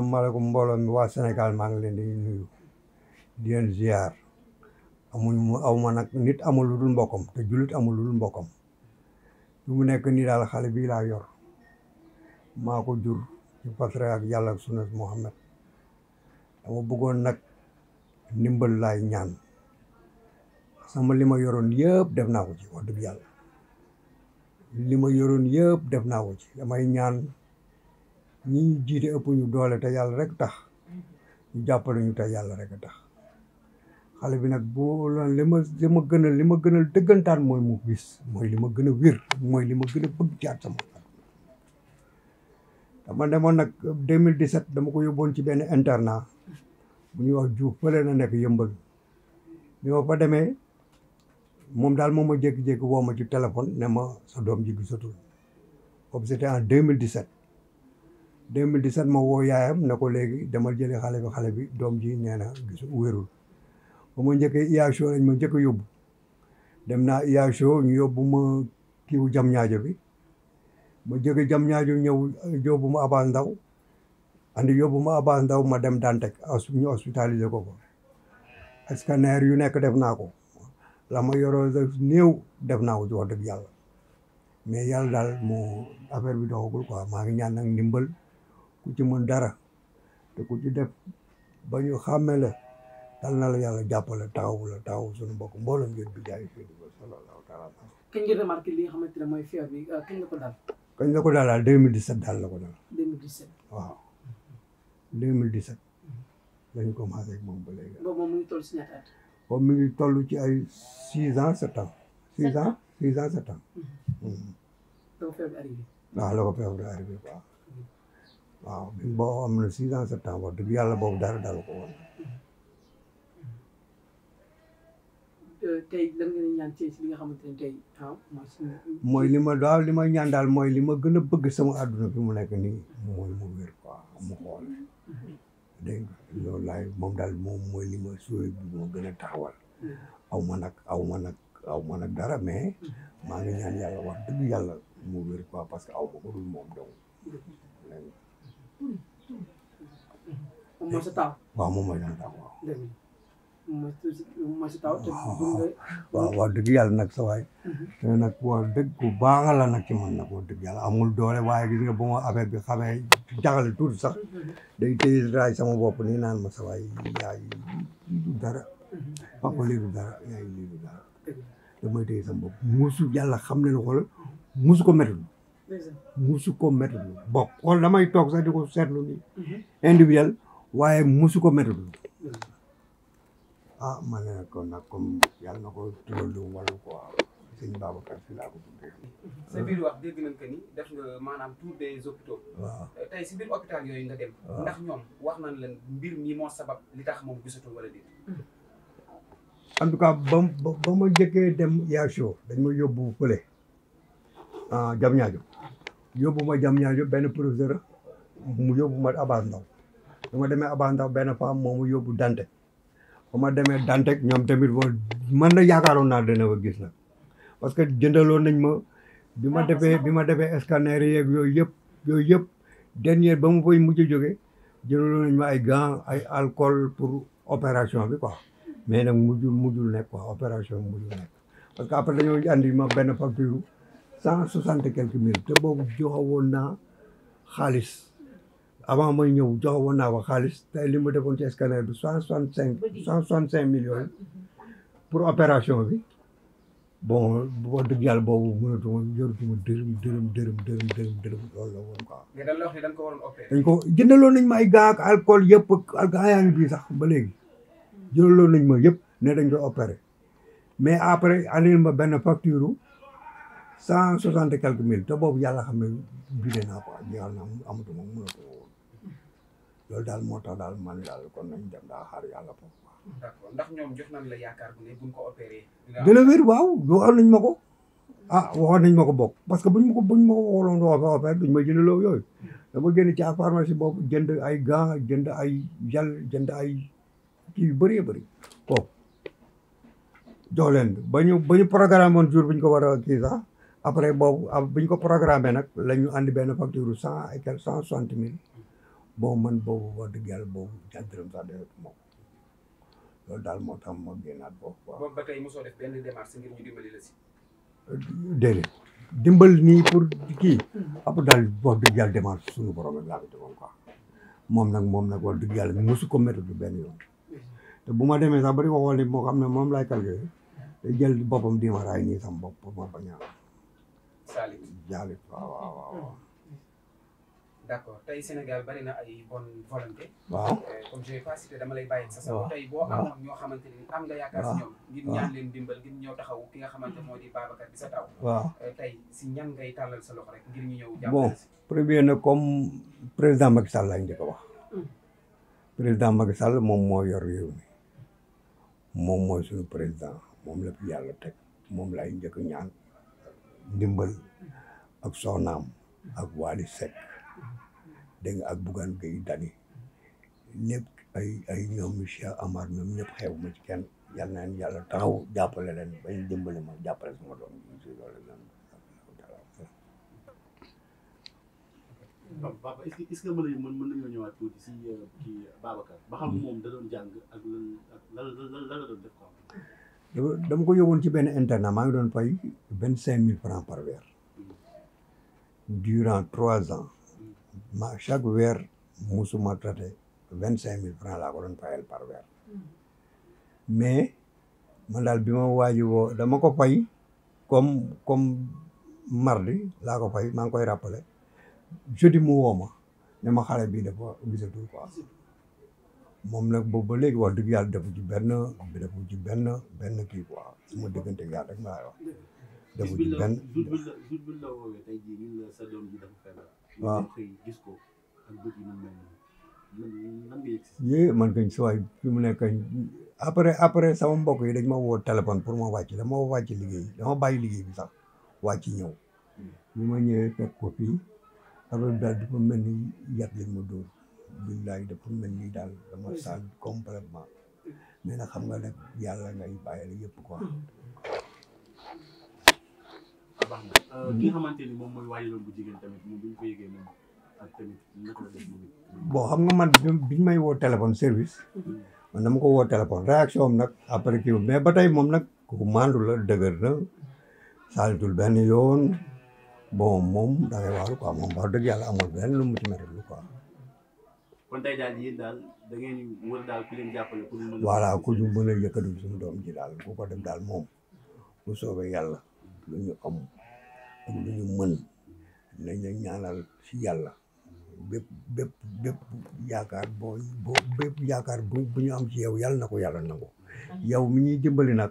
asalaamaaleykum mbooloo mi waa senegal maa ngi leen di nuyu di leen ziar aw ma nag nit amul lu dul mbokkam te jullit amul lu dul mbokkam lu mu nekk nii daal xale bi laa yor maa ko jur ci fatra ak yàlla ak sunna Muhammad dama bëggoon nag ndimbal laay ñaan sama li ma yoroon yëpp def naa ko ci wax li ma yoroon yëpp def naa ko ci damay ñaan ñi ñu jiite ëpp ñu doole te yàlla rek tax ñu jàppale ñu te yàlla rek tax xale bi nag boo li ma li ma gënal li ma gënal dëggantaan mooy mu wis mooy li ma gën a wér mooy li ma gën a bëgg jaat sama dama demoon nag 2017 dama ko yóbboon ci benn internat bu ñuy wax juuf fële na nekk yëmbal bi ma fa demee moom daal moom ma jékki-jékki woo ma ci téléphone ne ma sa doom ji gisatul boobu c'était en 2017 2017 ma woo yaayam na ko léegi demal jëlee xale bi xale bi doom ji nee na gis wérul ba ma njëkkee IHO lañ ma njëkk a dem naa IHO ñu yóbbu ma kiiwu jam ñaajo bi ma jóge jam ñaajo ñëw yobu ma Abass Ndao andi yóbbu ma Abass Ndao ma dem Dantec ñu hospitalisé ko ko scanner yu nekk def naa ko la ma yoroo néew def naa ko ci wax dëgg yàlla mais yàlla daal moo affaire bi doxagul quoi maa ngi ñaan nag ndimbal ku ci mën dara te ku ci def ba ñu xàmmele dal na la yàlla jàppale taxawu la taxawu suñu mbokk mboolem ngeen bi jaay fi sallallahu taala kañ nga remarqué li nga xamante ne mooy feebar bi euh, ko dal kañ la ko dal daal la ko dal 2017 waaw 2017 moom ba léegi boobu moom ci ay six ans sept ans six mm-hmm. Mm-hmm. waaw boo am na six ans sept ans wax dëgg yàlla boobu dara dalu ko woon. tey lan nga ñaan ci li nga xamante ne tey mooy li ma daaw li ma ñaan daal mooy li ma gën a bëgg sama àdduna bi mu nekk nii mooy mu wér quoi mu xool dégg nga loolu moom daal moom mooy li ma suy bi ma gën a taxawal. aw ma nag aw ma nag aw ma nag dara mais maa ngi ñaan yàlla wax dëgg yàlla mu wér quoi parce que aw moom dong. moom moom mooy sa taaw waaw. dëgg la dëgg yàlla nag sa waay. te nag wax dëgg ku baax la nag ci man nag wax dëgg yàlla amul doole waaye gis nga ba ma affaire bi xamee jaxale tuuti sax day téye raay sama bopp nii naan ma sa waay yaay du dara. papa mhm. lii du dara yaay lii du dara. damay téye sama bopp musu yàlla xam ne ne mhm. musu ko métti. musu ko méttiwul bon xool damay toog sax di ko seetlu ni mhm. individuel waaye musu ko méttiwul mhm. ah ma ne ko nag comme yàlla na ko tural lu wàllu quoi sëñ si mhm. wax dégg nañ que ni def nga maanaam tour des hôpitaux. waaw euh, tey si biir hôpital yooyu nga dem. ndax ñoom wax nañ leen mbir mi moo sabab li tax moom gisatul wala déet. en tout cas ba ma jëkkee dem Yaasho dañ ma yóbbu fële ah Diamniadio yóbbu ma jam ñaar yóbbu benn professeur mu yóbbu ma Abass bu ma demee Abass Ndao benn femme moomu yóbbu Dantec bu ma demee Dantec ñoom tamit boo man na yaakaaroon naa dana ko gis na parce que jëndaloon nañ ma bi ma defee bi ma defee scanner yeeg yooyu yëpp yooyu yëpp dernier ba mu fay mujj jóge jëndaloon nañ ma ay gants ay alcool pour opération bi quoi mais nag mujjul mujjul nekk quoi opération mujjul nekk parce que après dañoo andi ma benn facture cent soixante et quelques mille te boobu joxewoon naa xaalis avant may ñëw joxewoon naa ko xaalis tey li ma defoon ci scanner bi cent soixante cinq cent soixante cinq millions mhm. pour opération bi bon wax dëgg yàlla boobu mënatuma yorutuma dërëm dërëm dërëm dërëm dërëm dërëm loolu la woon quoi. mais dañ la wax ne dañ ko waroon opéré. dañ ko jëndaloon nañ ma ay gaa ak alcool yëpp ak yaa ngi bii sax ba léegi jëndaloon nañ ma yëpp ne dañ koy opéré mais après andil ma benn facture cent soixante et quelques mille te boobu yàlla xam ne jugee naa ko jeexal naa amatuma mënatuma loolu daal moo tax daal man daal kon nañ dem daal xaar yàlla foofu. d'accord ndax ñoom jox nañ la yaakaar bu ne buñ ko opéré. dina wér waaw waxoon nañ ma ko ah waxoon nañ ma ko bokk parce que buñ ma ko buñ ma ko waxoon waxoon opéré duñ ma dama génn ci ak pharmacie boobu jënd ay gants jënd ay gel jënd ay ki yu bëree bëri kooku jox leen ba ñu ba ñu programme woon jour ko war a kii après boobu bu ñu ko programmé nag la ñu andi benn facture cent et quelque cent soixante mille bon man boobu wax dëgg yàlla boobu jàddiram sax daal moo tax ma génnaat boobu waaw. moom ba euh, nii pour kii. après daal wax dëgg yàlla démarche suñu borom rek laa ko moom nag moom nag wax dëgg yàlla mosu ko métti du benn te bu ma demee sax bari waxoon ne ne moom laay calculé te jël boppam di ma raay nii sama bopp ma Salick Salick accord tey Sénégal bari na ay bonne volonté. waaw eh, comme dama lay bàyyi sa sago. tey boo amoon ñoo xamante ni am nga yaakaar si ñoom. ngir ñaan ñëw taxaw ki nga xamante moo di Babacar di sa taw. waaw eh, si ñan ngay tàllal sa loxo rek ngir ñu ñëw. jàppale bon premier nag comme président Macky Sall lañ di ko wax. Hmm. président Macky Sall moom moo yor réew mi moom mooy suñu président moom la fi yàlla teg moom laay njëkk ñaan. ndimbal ak soxnaam ak Wally Seck dégg nga ak bugan Gueye Dany lépp ay ay ñoom monsieur Amar ñoom ñëpp xew ma ci kenn yal na leen yàlla taxaw jàppale leen bañ dimbali ma jàppale sama doom tuuti si euh, kii Babacar ba xam moom da doon jàng ak lan lan lan la doon def dama ko yóbboon ci benn internat maa ngi doon fay vingt cinq mille francs par weer durant trois ans ma chaque weer musuma traité vingt cinq mille francs laa ko doon fayal par weer mais man daal bi ma waaji woo dama ko fay comme comme mardi laa ko fay maa ngi koy rappelé jeudi mu woo ma ne ma xale bi dafa gisatul quoi moom nag boobu ba léegi wax dëgg yàlla defu ci benn defu ci benn benn kii quoi su ma dëggante ak yàlla rek ma lay wax. defu ci benn jur bi la jur bi la gis ko ak man kañ si waay fi mu nekk après après sama mbokk yi dañ ma woo téléphone pour ma wàcc moo wàcc liggéey dama bàyyi liggéey bi sax wàcc ñëw. Hmm. bi ma ñëwee fekk ko fii bi daal di ko mel ni yàgg lañ ma dóor. duñ laay def pour daal dama sànn complètement xam nga nag yàlla ngay bàyyi la yëpp quoi. Ah, euh, mm-hmm. moom mooy waajuram bu bu ñu ko yëgee moom ak tamit man biñ may woo téléphone service mm-hmm. man dama ko woo téléphone réaction am nag après kii mais ba tey moom nag ku maandu la dëgër na saalitul benn yoon bon moom da ngay waaru quoi moom wax dëgg yàlla amul benn lu mu ci mere lu quoi kon da ngeen ku leen jàppale pour ñu mën doom ji daal bu ko dem daal moom bu soobee yàlla lu ñu am ak ñu mën nañ la ñaanal ci yàlla bépp bépp bépp yaakaar boo bu ñu am ci yow yàlla na ko na ko yow mi ñuy dimbali nag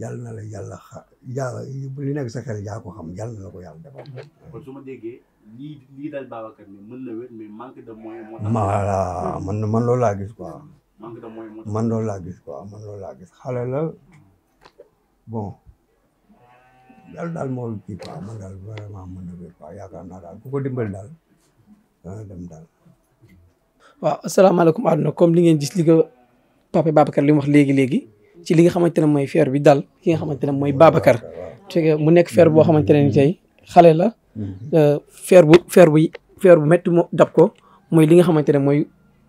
yàlla na la yàlla xa yàlla li nekk sa xel yaa ko xam yàlla na la ko yàlla defal. lii lii daal Babacar ni mën na wér mais manque de moyen moo tax voilà man man loolu laa gis quoi hmm. manque de moyen moo tax man loolu laa gis quoi man loolu laa gis xale la bon yàlla daal moo kii quoi man daal vraiment mën na wér quoi yaakaar naa daal ku ko dimbali daal dana dem daal waaw asalaamaaleykum àdduna comme li ngeen gis li ko papa Babacar li mu wax léegi-léegi ci li nga xamante ne mooy feer bi dal ki nga xamante ne mooy Babacar fekk mu nekk feer boo xamante ne ni tey xale la Euh, feer bu feer bu feer bu métti moo dab ko mooy li nga xamante ne mooy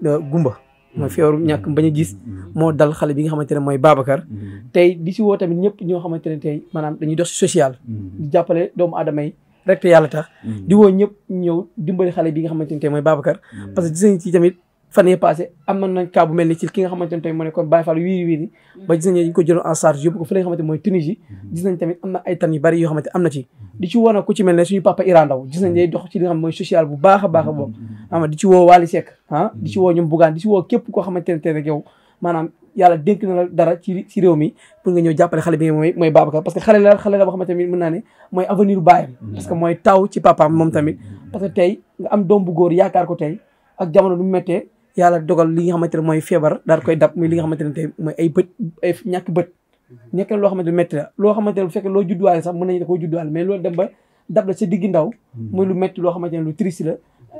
euh, gumba mooy mm-hmm. feeru ñàkk bañ gis mm-hmm. moo dal xale bi nga xamante ne mooy Babacar mm-hmm. tey di si woo tamit ñëpp ñoo xamante ne tey maanaam dañuy dox si social di jàppale doomu aadama yi rek te yàlla tax di woo ñëpp ñëw dimbali xale bi nga xamante ne tey mooy Babacar parce que gis nañ ci tamit fan yee passé amoon nañ cas bu mel ni ci ki nga xamante ne tey mm. mooy Tunisie mm. gis nañ tamit am na ay tan bari yoo xamante am na ci mm. di ci woon ku ci mel ne suñu papa Iran Ndaw gis dox ci li a baax la dara ci ci réew mi pour nga ñëw jàppale xale bi mooy mooy Babacar parce xale la boo xamante ne mën naa ne mooy avenir baayam parce mooy taw ci papaam moom tamit parce que nga am doom bu yaakaar ko tey ak jamono lu mu yàlla dogal li nga xamante ne mooy feebar daal koy dab muy li nga xamante ne tey mooy ay bët ay ñàkk bët nekk loo xamante ne métti la loo xamante ne bu loo juddwaale sax mën nañu da koo juddwaale mais loolu dem ba dab ndaw hmm. muy lu métti loo xamante ne lu triste la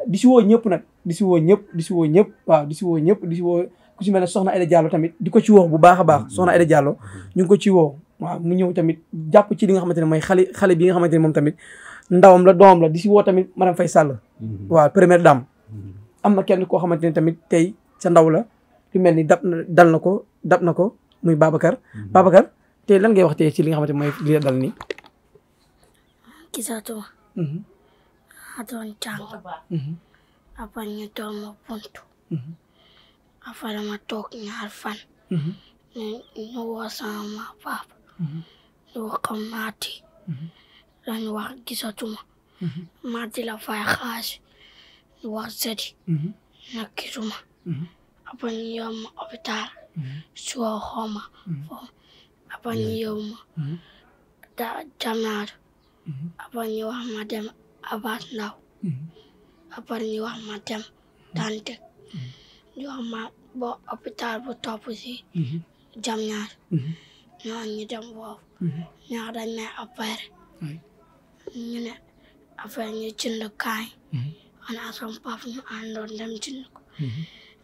di si woo ñëpp nag di si woo ñëpp di si woo ñëpp waaw di si woo ñëpp di si ku si mel ne soxna Aida Diallo tamit di ko ci woo bu baax a baax hmm. soxna Aida Diallo ñu ngi ko ci woo waaw mu ñëw tamit jàpp ci li nga xamante ne mooy xale xale bi nga xamante ne moom tamit ndawam la doom la di si woo tamit madame Faye Sall hmm. waa première dame am na kenn koo xamante ni tamit tey sa ndaw la lu mel ni dab na ko dab na ko muy Babacar. Mhm. Babacar tey lan ngay wax tey ci li nga xamante mooy li la dal nii. Mhm. doon jàng. Mhm. après ñu door ma buntu. après fan. ñu woo sama papa. wax ko maati. dañu wax gisatuma. maati la fay xaasi. warzadi mhm. na kiruma abin yau ma obitar suwa homa abin yau ma da jami'ar abin yau ma dem abat now abin yau ma dem dandik yau ma bo obitar bu topu si jami'ar ñoo ñu dem foofu ñoo dañ ne affaire ñu ne affaire ñu jënd xanaa sama papa ñu àndoon dem ci ñu ko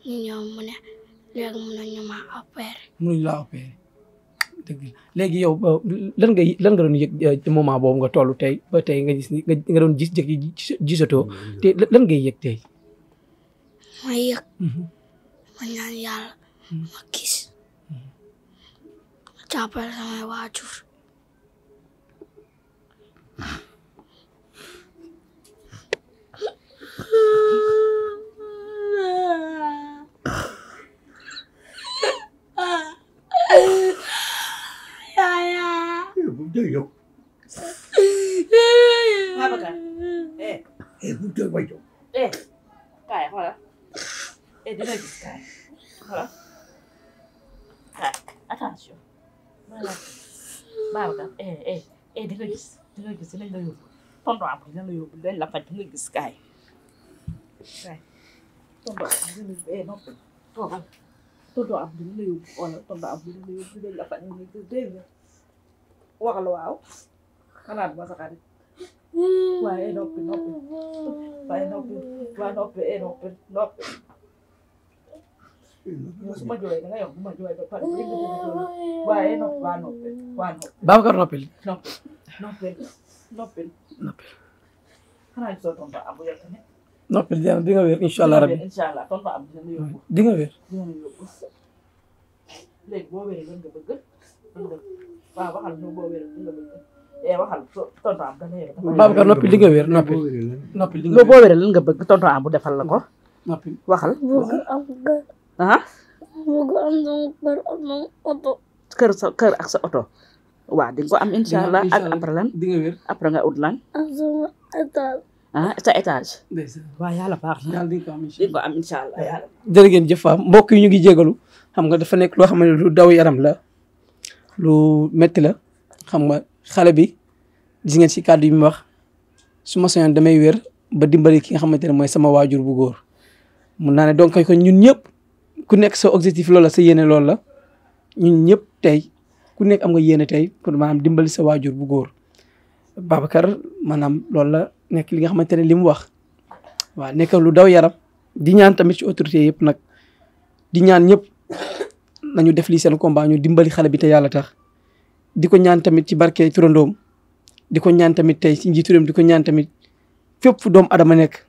ñu ñëw mu ne léegi ma opéré mënuñu yow euh, lan nga lan nga doon yëg euh, moment boobu nga toll tey ba tey nga gis nga doon gis jëkki gisatoo te lan ngay yëg tey ma yëg mhm. ma ñaan yàlla mhm. ma gis ma jàppale samay waajur jooy yow Babacar eh bu jooy way yow eh kaay xoolal eh dina gis kaay xoolal kaay attention Babacar eh eh eh dina gis dina gis dinañ la yóbbu tonton am dinañ la yóbbu dinañ la faj dina gis kaay Tonton Abdul eh noppi toogal tonton Abdul la yóbbu wala tonton Abdul la yóbbu dégg nga fan yii dégg nga waxal waaw xanaa duma sa xarit waaye eh noppi noppi waaye noppi waaye noppi eh noppi noppi su ma jooyee danga yokk bu ma jooyee ba pare dégg nga waaye noppi waa noppi waa noppi Babacar noppil noppi noppi noppi noppi xanaa gisoo tonton Abdul tamit noppil jaan di nga wér incha allah rabbi incha allah kon fa am dina yóbbu di nga wér dina yóbbu léegi boo wéree lan nga bëgg waaw waxal ñu boo wéree lan nga bëgg eh waxal tonton am dana yóbbu Babacar noppi di nga wér noppi noppi di nga wér boo wéree lan nga bëgg tonton am bu defal la ko noppi waxal bëgg am kër ah bëgg am sama kër am sama oto kër sa kër ak sa oto waaw di nga ko am incha allah ak après lan di nga wér après nga ut lan am sama étage ah sa étage. waaw yàlla baax na. di ko am incha ngeen jëf faam mbokk yi ñu ngi jégalu xam nga dafa nekk loo xam ne lu daw yaram la lu metti la xam nga xale bi gis ngeen si kàddu yi mu wax su ma soñoon damay wér ba dimbali ki nga xamante ne mooy sama waajur bu góor mun naa ne donc ko ñun ñëpp ku nekk sa objectif loolu la sa yéene loolu la ñun ñëpp tey ku nekk am nga yéene tey pour maanaam dimbali sa waajur bu góor Babacar maanaam loolu la. nekk li nga xamante ne li wax waaw nekk lu daw yaram di ñaan tamit ci autorité yëpp nag di ñaan ñëpp nañu def li seen combat ñu dimbali xale bi te yàlla tax di ko ñaan tamit ci barke turandoom di ko ñaan tamit tey si njiituram di ko ñaan tamit fépp fu doomu adama nekk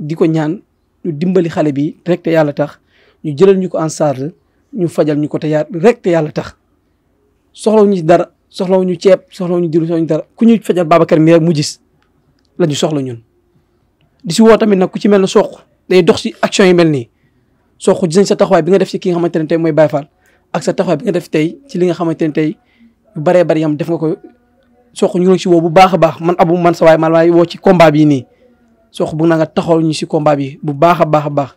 di ko ñaan ñu dimbali xale bi rek te yàlla tax ñu jëlal ñu ko en charge ñu fajal ñu ko te ya yàlla tax soxlawuñu dara soxlawuñu ceeb soxlawuñu diru soxlawuñu dara ku ñu fajal Babacar mi rek mu gis la soxla ñun. di si woo tamit nag ku ci mel ne soq day dox si action yi mel nii soq gis nañ sa taxawaay bi nga def si ki nga xamante ne tey mooy Baye ak sa taxawaay bi nga def tey ci li nga xamante ne tey yu bari yam def nga ko soq ñu ngi si woo bu baax a baax man abu man sawaay waay man waay woo ci combat bii nii. sox bëgg naa nga taxawal ñu si combat bi bu baax a baax a baax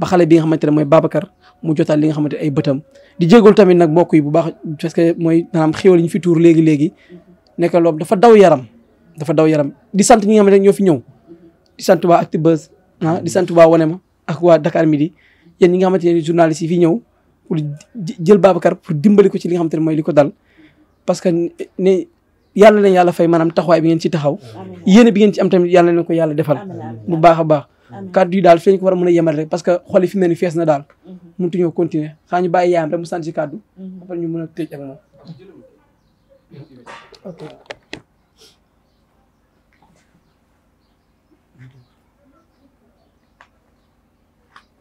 ba xale bi nga xamante ne mooy Babacar mu jotaal li nga xamante ay bëtam di jégalu tamit nag mbokk yi bu baax parce que mooy maanaam xéwal ñu fi tuur léegi léegi nekk loolu dafa daw yaram. dafa daw yaram di sant ñi nga xam ne ñoo fi ñëw di sant waa Actubuzz ah, di sant waa Wonema ak waa Dakar Midi yéen ñi nga xamante ne journalistes yi fi ñëw pour jël Babacar pour dimbali ko ci li nga xamante ne mooy li ko dal parce que ne yàlla leen yàlla fay maanaam taxawaay bi ngeen ci taxaw yéene bi ngeen ci am tamit yàlla leen ko yàlla defal bu baax a baax kàddu yi daal fi lañ ko war a mën a yemal rek parce que xooli fi mu ne nii fees na daal mhm. mënut ñoo continuer xaa ñu bàyyi yaayam mhm. a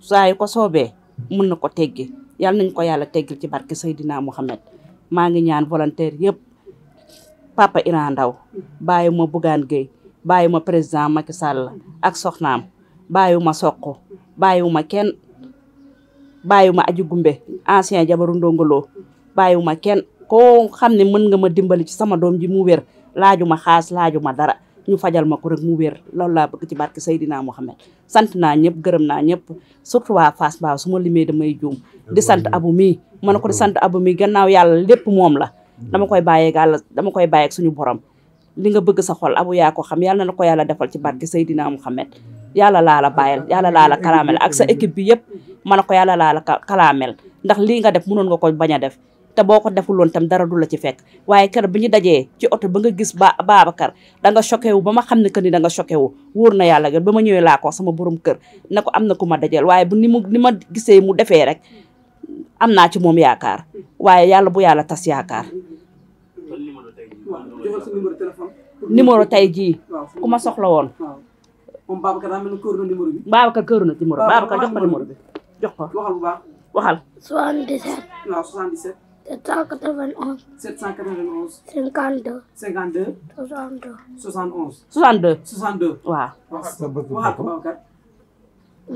saa yu ko soobee mën na ko teggi yàlla nañ ko yàlla teggil ci barke Seydina Mouhamed maa ngi ñaan volontaire yëpp papa Iran Ndaw bàyyi ma Bougane Gueye bàyyi ma président Macky Sall ak soxnaam bàyyiwu ma soq bàyyiwu ma kenn bàyyiwu ma aji gumbe ancien jabaru ndongoloo bàyyiwu ma kenn ko xam ne mën nga ma dimbali ci sama doom ji mu wér laaju xaas laaju ma dara ñu fajal ma ko rek mu wér loolu laa bëgg ci barke Seydina Mohamed sant naa ñëpp gërëm naa ñëpp surtout waa Fass Mbao su ma limee damay juum di sant abu mii ma ne ko di sant abu mii gannaaw yàlla lépp moom la dama koy bàyyeeg yàlla dama koy bàyyeeg suñu borom li nga bëgg sa xool abu yaa ko xam yàlla na ko yàlla defool ci barke Seydina Mohamed yàlla laa la bàyyal yàlla laa la kalaamel ak sa équipe bi yëpp ma ne ko yàlla laa la kalaamel ndax lii nga def mënoon nga ko bañ a def te boo ko deful woon tam dara du la ci fekk waaye kër bi ñu dajee ci oto ba nga gis ba Babacar da nga choqué wu ba ma xam ne que ni da nga choqué wu wóor na yàlla yoon ba ma ñëwee laa ko sama borom kër na ko am na ku ma dajeel waaye bu ni mu ni ma gisee mu defee rek am naa ci moom yaakaar waaye yàlla bu yàlla tas yaakaar numéro tey jii ku ma soxla woon moom Babacar daa mel ni këru jox ko numéro bi jox ko waxal 791. 791. 52. 52. 62. 71. 62. 62 waaw. waxaat ko Babacar.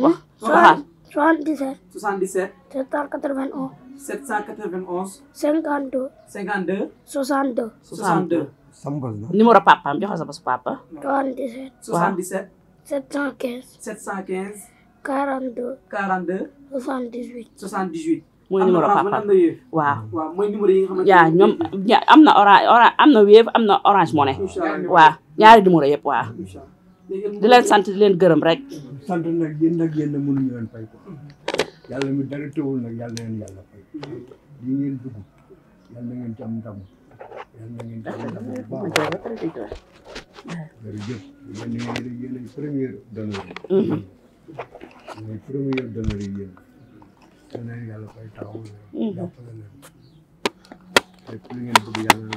wax waxaat. 77. 77. 791. 791. 52. 52. 62. 62. numéro papaam joxe sa ba su papa. 77. 77. 715. 715. 42. 42. 78. 78. mooy numéro papa waaw. waaw mooy numéro yi nga xamante ne yaa ñoom am na orange orange am na Wave am na orange money. waaw ñaari numéro yëpp waaw. di leen sant di leen gërëm rek. sant nag yéen nag yéen a mënuñu leen fay ko yàlla mi dara teewul nag yàlla na leen yàlla fay li ngeen dugg yàlla na ngeen ci am ndam yàlla na ngeen ci am ndam bu baax jërëjëf yéen a yéen ay mm-hmm. premier donneur yi. yéen ay premier donneur yi yéen. yal na yàlla fay taxawu. jàppale leen lépp lu ngeen bëgg yàlla